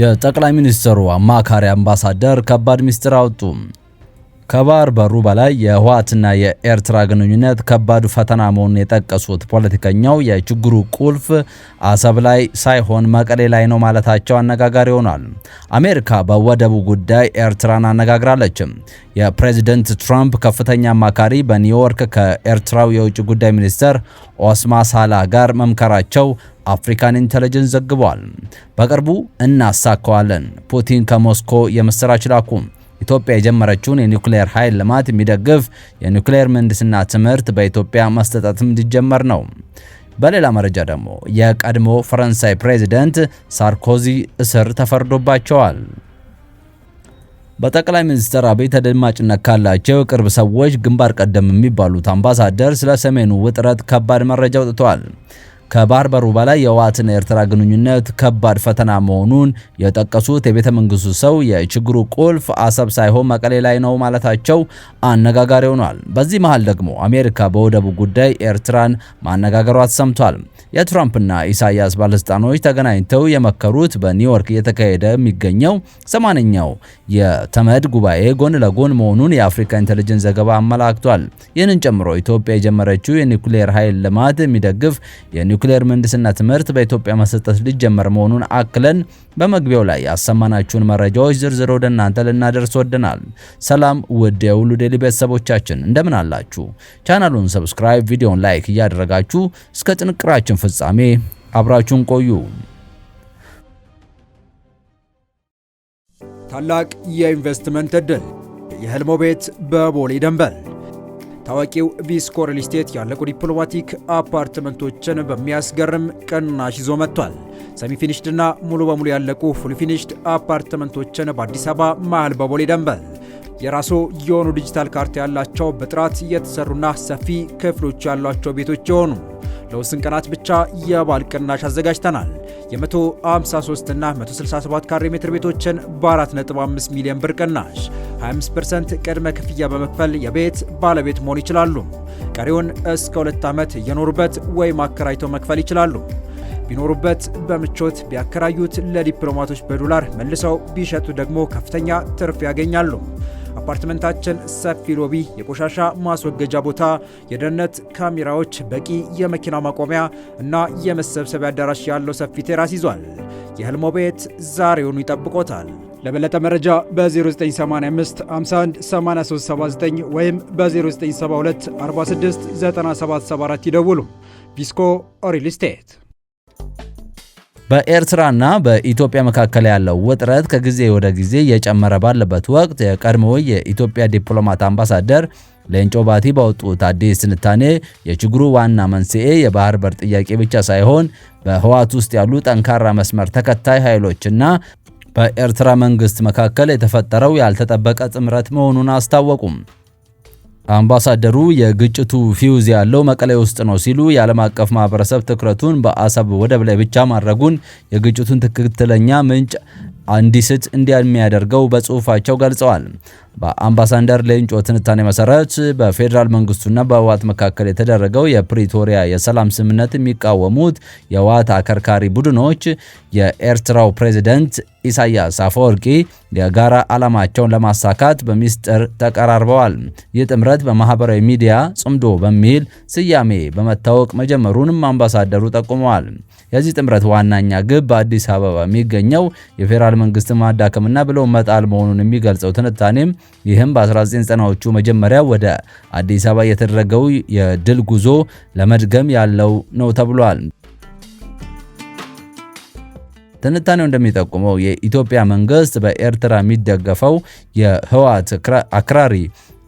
የጠቅላይ ሚኒስትሩ አማካሪ አምባሳደር ከባድ ሚስጥር አወጡ። ከባህር በሩ በላይ የህወሓትና የኤርትራ ግንኙነት ከባዱ ፈተና መሆኑን የጠቀሱት ፖለቲከኛው የችግሩ ቁልፍ አሰብ ላይ ሳይሆን መቀሌ ላይ ነው ማለታቸው አነጋጋሪ ሆኗል። አሜሪካ በወደቡ ጉዳይ ኤርትራን አነጋግራለች። የፕሬዚደንት ትራምፕ ከፍተኛ አማካሪ በኒውዮርክ ከኤርትራው የውጭ ጉዳይ ሚኒስትር ኦስማ ሳላ ጋር መምከራቸው አፍሪካን ኢንተለጀንስ ዘግቧል። በቅርቡ እናሳካዋለን። ፑቲን ከሞስኮ የምስራች ላኩ። ኢትዮጵያ የጀመረችውን የኒውክሌር ኃይል ልማት የሚደግፍ የኒውክሌር ምህንድስና ትምህርት በኢትዮጵያ መሰጠት እንዲጀመር ነው። በሌላ መረጃ ደግሞ የቀድሞ ፈረንሳይ ፕሬዚደንት ሳርኮዚ እስር ተፈርዶባቸዋል። በጠቅላይ ሚኒስትር አብይ ተደማጭነት ካላቸው ቅርብ ሰዎች ግንባር ቀደም የሚባሉት አምባሳደር ስለ ሰሜኑ ውጥረት ከባድ መረጃ አውጥተዋል። ከባርበሩ በላይ የህወሓትና የኤርትራ ግንኙነት ከባድ ፈተና መሆኑን የጠቀሱት የቤተ መንግስቱ ሰው የችግሩ ቁልፍ አሰብ ሳይሆን መቀሌ ላይ ነው ማለታቸው አነጋጋሪ ሆኗል። በዚህ መሃል ደግሞ አሜሪካ በወደቡ ጉዳይ ኤርትራን ማነጋገሯ ተሰምቷል። የትራምፕና ኢሳያስ ባለስልጣኖች ተገናኝተው የመከሩት በኒውዮርክ እየተካሄደ የሚገኘው ሰማንያኛው የተመድ ጉባኤ ጎን ለጎን መሆኑን የአፍሪካ ኢንቴሊጀንስ ዘገባ አመላክቷል። ይህንን ጨምሮ ኢትዮጵያ የጀመረችው የኒኩሌር ኃይል ልማት የሚደግፍ የኒውክሌር ምህንድስና ትምህርት በኢትዮጵያ መሰጠት ሊጀመር መሆኑን አክለን በመግቢያው ላይ ያሰማናችሁን መረጃዎች ዝርዝር ወደ እናንተ ልናደርስ ወደናል። ሰላም ውድ የሁሉ ዴይሊ ቤተሰቦቻችን እንደምን አላችሁ? ቻናሉን ሰብስክራይብ፣ ቪዲዮን ላይክ እያደረጋችሁ እስከ ጥንቅራችን ፍጻሜ አብራችሁን ቆዩ። ታላቅ የኢንቨስትመንት እድል የህልሞ ቤት በቦሌ ደንበል ታዋቂው ቪስኮር ሊስቴት ያለቁ ዲፕሎማቲክ አፓርትመንቶችን በሚያስገርም ቅናሽ ይዞ መጥቷል። ሰሚ ፊኒሽድና ሙሉ በሙሉ ያለቁ ፉል ፊኒሽድ አፓርትመንቶችን በአዲስ አበባ መሃል በቦሌ ደንበል የራሱ የሆኑ ዲጂታል ካርታ ያላቸው በጥራት የተሰሩና ሰፊ ክፍሎች ያሏቸው ቤቶች የሆኑ ለውስን ቀናት ብቻ የባል ቅናሽ አዘጋጅተናል። የ153 ና 167 ካሬ ሜትር ቤቶችን በ4.5 ሚሊዮን ብር ቅናሽ 25% ቅድመ ክፍያ በመክፈል የቤት ባለቤት መሆን ይችላሉ። ቀሪውን እስከ ሁለት ዓመት እየኖሩበት ወይም አከራይተው መክፈል ይችላሉ። ቢኖሩበት በምቾት ቢያከራዩት ለዲፕሎማቶች በዶላር መልሰው ቢሸጡ ደግሞ ከፍተኛ ትርፍ ያገኛሉ። አፓርትመንታችን ሰፊ ሎቢ፣ የቆሻሻ ማስወገጃ ቦታ፣ የደህንነት ካሜራዎች፣ በቂ የመኪና ማቆሚያ እና የመሰብሰቢያ አዳራሽ ያለው ሰፊ ቴራስ ይዟል። የህልሞ ቤት ዛሬውኑ ይጠብቆታል። ለበለጠ መረጃ በ0985 51 8379 ወይም በ0972 46 9774 ይደውሉ። ቪስኮ ሪል ስቴት በኤርትራና በኢትዮጵያ መካከል ያለው ውጥረት ከጊዜ ወደ ጊዜ እየጨመረ ባለበት ወቅት የቀድሞው የኢትዮጵያ ዲፕሎማት አምባሳደር ሌንጮ ባቲ ባወጡት አዲስ ትንታኔ የችግሩ ዋና መንስኤ የባህር በር ጥያቄ ብቻ ሳይሆን በህዋት ውስጥ ያሉ ጠንካራ መስመር ተከታይ ኃይሎችና በኤርትራ መንግስት መካከል የተፈጠረው ያልተጠበቀ ጥምረት መሆኑን አስታወቁም። አምባሳደሩ የግጭቱ ፊውዝ ያለው መቀሌ ውስጥ ነው ሲሉ የዓለም አቀፍ ማህበረሰብ ትኩረቱን በአሰብ ወደብ ላይ ብቻ ማድረጉን የግጭቱን ትክክለኛ ምንጭ እንዲስት እንደሚያደርገው በጽሁፋቸው ገልጸዋል። በአምባሳደር ሌንጮ ትንታኔ መሰረት በፌዴራል መንግስቱና በህወሓት መካከል የተደረገው የፕሪቶሪያ የሰላም ስምምነት የሚቃወሙት የህወሓት አከርካሪ ቡድኖች የኤርትራው ፕሬዝዳንት ኢሳያስ አፈወርቂ የጋራ ዓላማቸውን ለማሳካት በሚስጥር ተቀራርበዋል። ይህ ጥምረት በማህበራዊ ሚዲያ ጽምዶ በሚል ስያሜ በመታወቅ መጀመሩንም አምባሳደሩ ጠቁመዋል። የዚህ ጥምረት ዋናኛ ግብ በአዲስ አበባ የሚገኘው የፌዴራል መንግስት ማዳከምና ብሎ መጣል መሆኑን የሚገልጸው ትንታኔም ይህም በ1990ዎቹ መጀመሪያ ወደ አዲስ አበባ የተደረገው የድል ጉዞ ለመድገም ያለው ነው ተብሏል። ትንታኔው እንደሚጠቁመው የኢትዮጵያ መንግስት በኤርትራ የሚደገፈው የህወሓት አክራሪ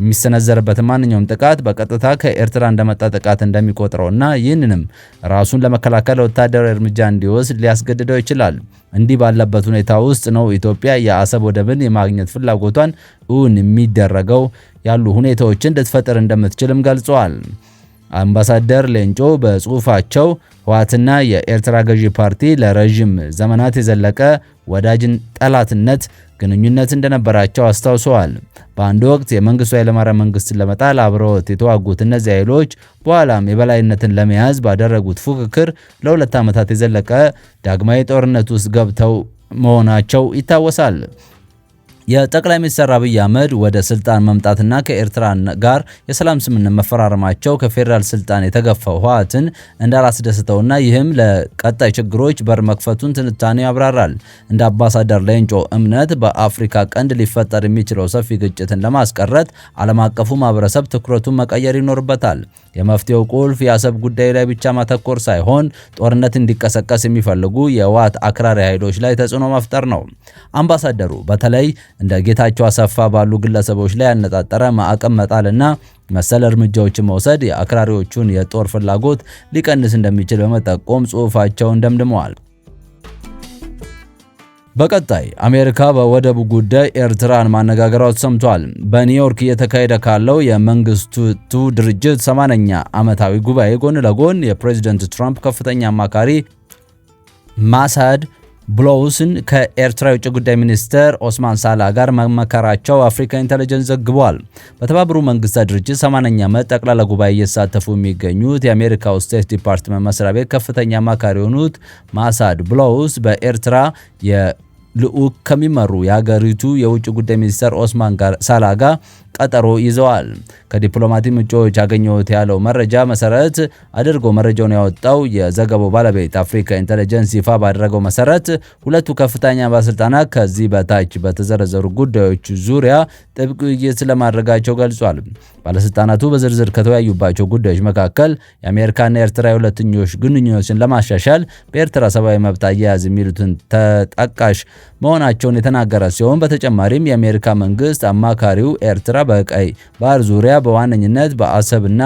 የሚሰነዘርበት ማንኛውም ጥቃት በቀጥታ ከኤርትራ እንደመጣ ጥቃት እንደሚቆጥረው እና ይህንንም ራሱን ለመከላከል ወታደራዊ እርምጃ እንዲወስድ ሊያስገድደው ይችላል። እንዲህ ባለበት ሁኔታ ውስጥ ነው ኢትዮጵያ የአሰብ ወደብን የማግኘት ፍላጎቷን እውን የሚደረገው ያሉ ሁኔታዎችን ልትፈጥር እንደምትችልም ገልጸዋል። አምባሳደር ሌንጮ በጽሁፋቸው ህወሓትና የኤርትራ ገዢ ፓርቲ ለረዥም ዘመናት የዘለቀ ወዳጅን ጠላትነት ግንኙነት እንደነበራቸው አስታውሰዋል። በአንድ ወቅት የመንግስቱ ኃይለማርያም መንግስትን ለመጣል አብረውት የተዋጉት እነዚህ ኃይሎች በኋላም የበላይነትን ለመያዝ ባደረጉት ፉክክር ለሁለት ዓመታት የዘለቀ ዳግማዊ ጦርነት ውስጥ ገብተው መሆናቸው ይታወሳል። የጠቅላይ ሚኒስትር አብይ አህመድ ወደ ስልጣን መምጣትና ከኤርትራ ጋር የሰላም ስምምነት መፈራረማቸው ከፌዴራል ስልጣን የተገፋው ህወሓትን እንዳላስደስተውና ይህም ለቀጣይ ችግሮች በር መክፈቱን ትንታኔ ያብራራል። እንደ አምባሳደር ሌንጮ እምነት በአፍሪካ ቀንድ ሊፈጠር የሚችለው ሰፊ ግጭትን ለማስቀረት ዓለም አቀፉ ማህበረሰብ ትኩረቱን መቀየር ይኖርበታል። የመፍትሄው ቁልፍ የአሰብ ጉዳይ ላይ ብቻ ማተኮር ሳይሆን ጦርነት እንዲቀሰቀስ የሚፈልጉ የህወሓት አክራሪ ኃይሎች ላይ ተጽዕኖ መፍጠር ነው። አምባሳደሩ በተለይ እንደ ጌታቸው አሰፋ ባሉ ግለሰቦች ላይ ያነጣጠረ ማዕቀብ መጣልና መሰል እርምጃዎችን መውሰድ የአክራሪዎቹን የጦር ፍላጎት ሊቀንስ እንደሚችል በመጠቆም ጽሑፋቸውን ደምድመዋል። በቀጣይ አሜሪካ በወደቡ ጉዳይ ኤርትራን ማነጋገሯ ተሰምቷል። በኒውዮርክ እየተካሄደ ካለው የመንግስታቱ ድርጅት 80ኛ ዓመታዊ ጉባኤ ጎን ለጎን የፕሬዚደንት ትራምፕ ከፍተኛ አማካሪ ማሳድ ብሎውስን ከኤርትራ የውጭ ጉዳይ ሚኒስትር ኦስማን ሳላ ጋር መመከራቸው አፍሪካ ኢንቴሊጀንስ ዘግቧል። በተባበሩ መንግስታት ድርጅት 80ኛ ዓመት ጠቅላላ ጉባኤ እየተሳተፉ የሚገኙት የአሜሪካው ስቴት ዲፓርትመንት መስሪያ ቤት ከፍተኛ አማካሪ የሆኑት ማሳድ ብሎውስ በኤርትራ የልዑክ ከሚመሩ የሀገሪቱ የውጭ ጉዳይ ሚኒስትር ኦስማን ሳላ ጋር ቀጠሮ ይዘዋል። ከዲፕሎማቲክ ምንጮች ያገኘሁት ያለው መረጃ መሰረት አድርጎ መረጃውን ያወጣው የዘገባው ባለቤት አፍሪካ ኢንተለጀንስ ይፋ ባደረገው መሰረት ሁለቱ ከፍተኛ ባለስልጣናት ከዚህ በታች በተዘረዘሩ ጉዳዮች ዙሪያ ጥብቅ ውይይት ስለማድረጋቸው ገልጿል። ባለስልጣናቱ በዝርዝር ከተወያዩባቸው ጉዳዮች መካከል የአሜሪካና ኤርትራ የሁለትዮሽ ግንኙነትን ለማሻሻል በኤርትራ ሰብአዊ መብት አያያዝ የሚሉትን ተጠቃሽ መሆናቸውን የተናገረ ሲሆን በተጨማሪም የአሜሪካ መንግስት አማካሪው ኤርትራ በቀይ ባህር ዙሪያ በዋነኝነት በአሰብና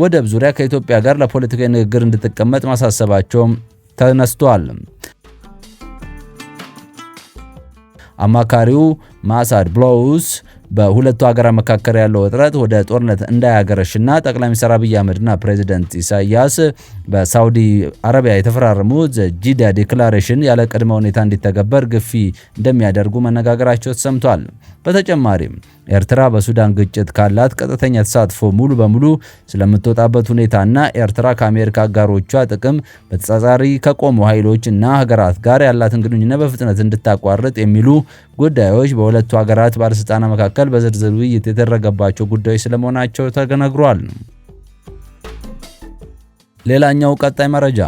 ወደብ ዙሪያ ከኢትዮጵያ ጋር ለፖለቲካዊ ንግግር እንድትቀመጥ ማሳሰባቸውም ተነስቷል። አማካሪው ማሳድ ብሎውስ በሁለቱ ሀገራት መካከል ያለው ውጥረት ወደ ጦርነት እንዳያገረሽና ጠቅላይ ሚኒስትር አብይ አህመድና ፕሬዚደንት ኢሳያስ በሳውዲ አረቢያ የተፈራረሙት ጂዳ ዲክላሬሽን ያለ ቅድመ ሁኔታ እንዲተገበር ግፊ እንደሚያደርጉ መነጋገራቸው ተሰምቷል። በተጨማሪም ኤርትራ በሱዳን ግጭት ካላት ቀጥተኛ ተሳትፎ ሙሉ በሙሉ ስለምትወጣበት ሁኔታና ኤርትራ ከአሜሪካ አጋሮቿ ጥቅም በተጻጻሪ ከቆሙ ኃይሎች እና ሀገራት ጋር ያላትን ግንኙነት በፍጥነት እንድታቋርጥ የሚሉ ጉዳዮች በሁለቱ ሀገራት ባለስልጣናት መካከል በዝርዝር ውይይት የተደረገባቸው ጉዳዮች ስለመሆናቸው ተነግሯል። ሌላኛው ቀጣይ መረጃ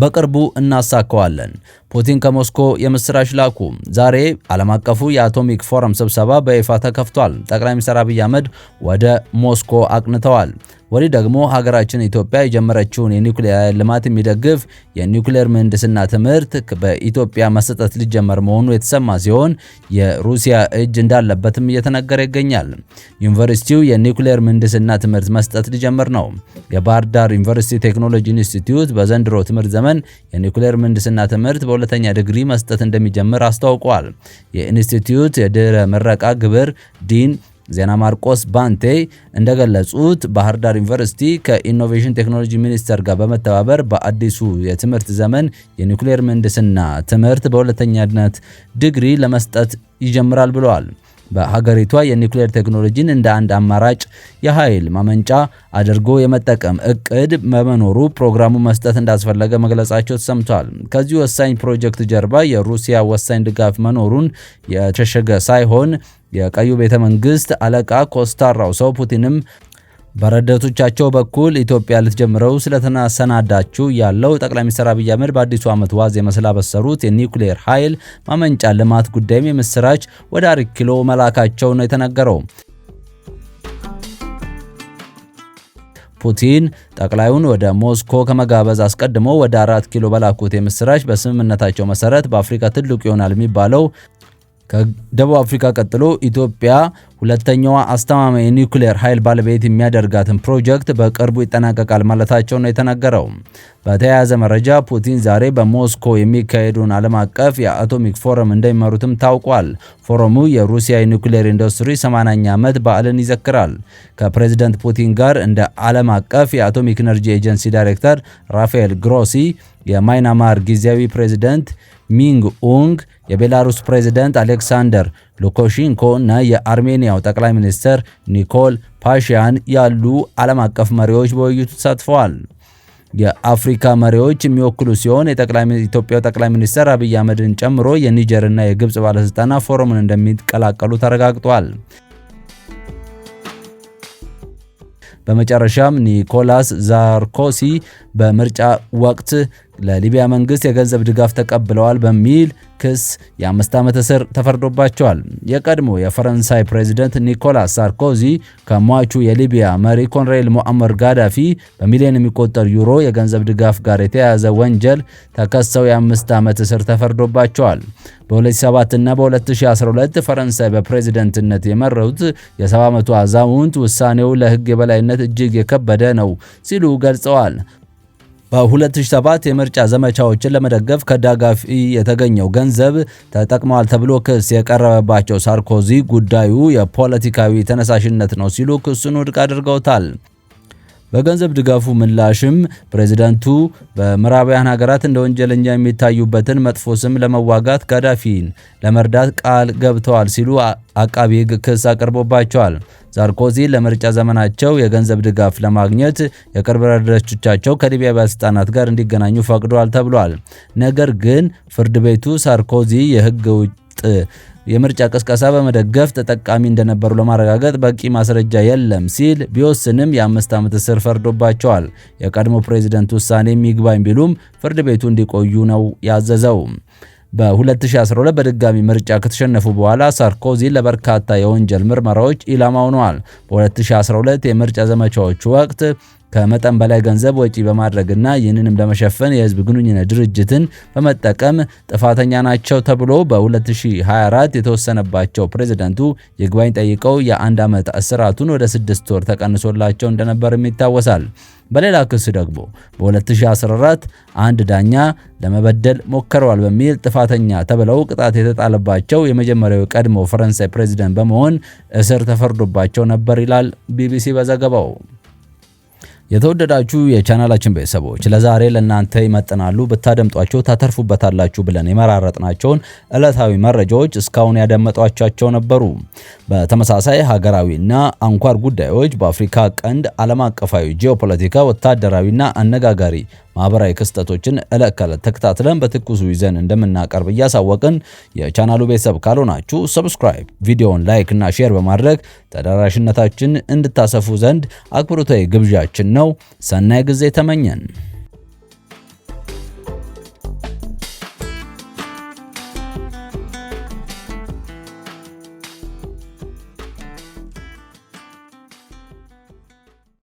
በቅርቡ እናሳካዋለን። ፑቲን ከሞስኮ የምስራች ላኩ። ዛሬ ዓለም አቀፉ የአቶሚክ ፎረም ስብሰባ በይፋ ተከፍቷል። ጠቅላይ ሚኒስትር አብይ አህመድ ወደ ሞስኮ አቅንተዋል። ወዲህ ደግሞ ሀገራችን ኢትዮጵያ የጀመረችውን የኒውክሌር ልማት የሚደግፍ የኒውክሌር ምህንድስና ትምህርት በኢትዮጵያ መሰጠት ሊጀመር መሆኑ የተሰማ ሲሆን የሩሲያ እጅ እንዳለበትም እየተነገረ ይገኛል። ዩኒቨርሲቲው የኒውክሌር ምህንድስና ትምህርት መስጠት ሊጀምር ነው። የባህር ዳር ዩኒቨርሲቲ ቴክኖሎጂ ኢንስቲትዩት በዘንድሮ ትምህርት ዘመን የኒውክሌር ምህንድስና ትምህርት በሁለተኛ ዲግሪ መስጠት እንደሚጀምር አስታውቋል። የኢንስቲትዩት የድህረ ምረቃ ግብር ዲን ዜና ማርቆስ ባንቴ እንደገለጹት ባህር ዳር ዩኒቨርሲቲ ከኢኖቬሽን ቴክኖሎጂ ሚኒስቴር ጋር በመተባበር በአዲሱ የትምህርት ዘመን የኒውክሌር ምህንድስና ትምህርት በሁለተኛነት ዲግሪ ለመስጠት ይጀምራል ብለዋል። በሀገሪቷ የኒውክሌር ቴክኖሎጂን እንደ አንድ አማራጭ የኃይል ማመንጫ አድርጎ የመጠቀም እቅድ በመኖሩ ፕሮግራሙ መስጠት እንዳስፈለገ መግለጻቸው ተሰምቷል። ከዚህ ወሳኝ ፕሮጀክት ጀርባ የሩሲያ ወሳኝ ድጋፍ መኖሩን የተሸሸገ ሳይሆን የቀዩ ቤተ መንግስት አለቃ ኮስታራው ሰው ፑቲንም በረዳቶቻቸው በኩል ኢትዮጵያ ልትጀምረው ስለተሰናዳችው ያለው ጠቅላይ ሚኒስትር አብይ አህመድ በአዲሱ ዓመት ዋዜማ ስላበሰሩት የኒውክሌር ኃይል ማመንጫ ልማት ጉዳይም የምስራች ወደ አራት ኪሎ መላካቸው ነው የተነገረው። ፑቲን ጠቅላዩን ወደ ሞስኮ ከመጋበዝ አስቀድሞ ወደ አራት ኪሎ በላኩት የምስራች በስምምነታቸው መሰረት በአፍሪካ ትልቁ ይሆናል የሚባለው ከደቡብ አፍሪካ ቀጥሎ ኢትዮጵያ ሁለተኛዋ አስተማማኝ የኒውክሌር ኃይል ባለቤት የሚያደርጋትን ፕሮጀክት በቅርቡ ይጠናቀቃል ማለታቸው ነው የተናገረው። በተያያዘ መረጃ ፑቲን ዛሬ በሞስኮ የሚካሄደውን ዓለም አቀፍ የአቶሚክ ፎረም እንደሚመሩትም ታውቋል። ፎረሙ የሩሲያ የኒውክሌር ኢንዱስትሪ 80ኛ ዓመት በዓልን ይዘክራል። ከፕሬዝደንት ፑቲን ጋር እንደ ዓለም አቀፍ የአቶሚክ ኤነርጂ ኤጀንሲ ዳይሬክተር ራፋኤል ግሮሲ፣ የማይናማር ጊዜያዊ ፕሬዝደንት ሚንግ ኡንግ፣ የቤላሩስ ፕሬዝደንት አሌክሳንደር ሉካሼንኮ እና የአርሜኒያው ጠቅላይ ሚኒስትር ኒኮል ፓሽያን ያሉ ዓለም አቀፍ መሪዎች በውይይቱ ተሳትፈዋል። የአፍሪካ መሪዎች የሚወክሉ ሲሆን የኢትዮጵያው ጠቅላይ ሚኒስትር አብይ አህመድን ጨምሮ የኒጀርና የግብፅ ባለስልጣናት ፎረሙን እንደሚቀላቀሉ ተረጋግጧል። በመጨረሻም ኒኮላስ ዛርኮሲ በምርጫ ወቅት ለሊቢያ መንግስት የገንዘብ ድጋፍ ተቀብለዋል በሚል ክስ የአምስት ዓመት እስር ተፈርዶባቸዋል። የቀድሞ የፈረንሳይ ፕሬዚደንት ኒኮላስ ሳርኮዚ ከሟቹ የሊቢያ መሪ ኮንሬል ሞአመር ጋዳፊ በሚሊዮን የሚቆጠር ዩሮ የገንዘብ ድጋፍ ጋር የተያያዘ ወንጀል ተከሰው የአምስት ዓመት እስር ተፈርዶባቸዋል። በ2007 እና በ2012 ፈረንሳይ በፕሬዚደንትነት የመረሩት የ70 ዓመቱ አዛውንት ውሳኔው ለህግ የበላይነት እጅግ የከበደ ነው ሲሉ ገልጸዋል። በ2007 የምርጫ ዘመቻዎችን ለመደገፍ ከዳጋፊ የተገኘው ገንዘብ ተጠቅመዋል ተብሎ ክስ የቀረበባቸው ሳርኮዚ ጉዳዩ የፖለቲካዊ ተነሳሽነት ነው ሲሉ ክሱን ውድቅ አድርገውታል። በገንዘብ ድጋፉ ምላሽም ፕሬዝደንቱ በምዕራባውያን ሀገራት እንደ ወንጀለኛ የሚታዩበትን መጥፎ ስም ለመዋጋት ጋዳፊን ለመርዳት ቃል ገብተዋል ሲሉ አቃቢ ሕግ ክስ አቅርቦባቸዋል። ሳርኮዚ ለምርጫ ዘመናቸው የገንዘብ ድጋፍ ለማግኘት የቅርብ ረዳቶቻቸው ከሊቢያ ባለስልጣናት ጋር እንዲገናኙ ፈቅደዋል ተብሏል። ነገር ግን ፍርድ ቤቱ ሳርኮዚ የህገ ውጥ የምርጫ ቅስቀሳ በመደገፍ ተጠቃሚ እንደነበሩ ለማረጋገጥ በቂ ማስረጃ የለም ሲል ቢወስንም የአምስት ዓመት እስር ፈርዶባቸዋል። የቀድሞ ፕሬዚደንት ውሳኔ ይግባኝ ቢሉም ፍርድ ቤቱ እንዲቆዩ ነው ያዘዘው። በ2012 በድጋሚ ምርጫ ከተሸነፉ በኋላ ሳርኮዚ ለበርካታ የወንጀል ምርመራዎች ኢላማ ሆነዋል። በ2012 የምርጫ ዘመቻዎች ወቅት ከመጠን በላይ ገንዘብ ወጪ በማድረግና ይህንንም ለመሸፈን የህዝብ ግንኙነት ድርጅትን በመጠቀም ጥፋተኛ ናቸው ተብሎ በ2024 የተወሰነባቸው ፕሬዝደንቱ ይግባኝ ጠይቀው የአንድ ዓመት እስራቱን ወደ ስድስት ወር ተቀንሶላቸው እንደነበርም ይታወሳል። በሌላ ክስ ደግሞ በ2014 አንድ ዳኛ ለመበደል ሞክረዋል በሚል ጥፋተኛ ተብለው ቅጣት የተጣለባቸው የመጀመሪያው ቀድሞ ፈረንሳይ ፕሬዝደንት በመሆን እስር ተፈርዶባቸው ነበር ይላል ቢቢሲ በዘገባው። የተወደዳችሁ የቻናላችን ቤተሰቦች ለዛሬ ለእናንተ ይመጥናሉ ብታደምጧቸው ታተርፉበታላችሁ ብለን የመራረጥናቸውን ዕለታዊ መረጃዎች እስካሁን ያደመጧቸው ነበሩ። በተመሳሳይ ሀገራዊና አንኳር ጉዳዮች በአፍሪካ ቀንድ ዓለም አቀፋዊ ጂኦፖለቲካ፣ ወታደራዊና አነጋጋሪ ማህበራዊ ክስተቶችን ዕለት ከዕለት ተከታትለን በትኩሱ ይዘን እንደምናቀርብ እያሳወቅን የቻናሉ ቤተሰብ ካልሆናችሁ ሰብስክራይብ፣ ቪዲዮውን ላይክ እና ሼር በማድረግ ተደራሽነታችን እንድታሰፉ ዘንድ አክብሮታዊ ግብዣችን ነው። ሰናይ ጊዜ ተመኘን።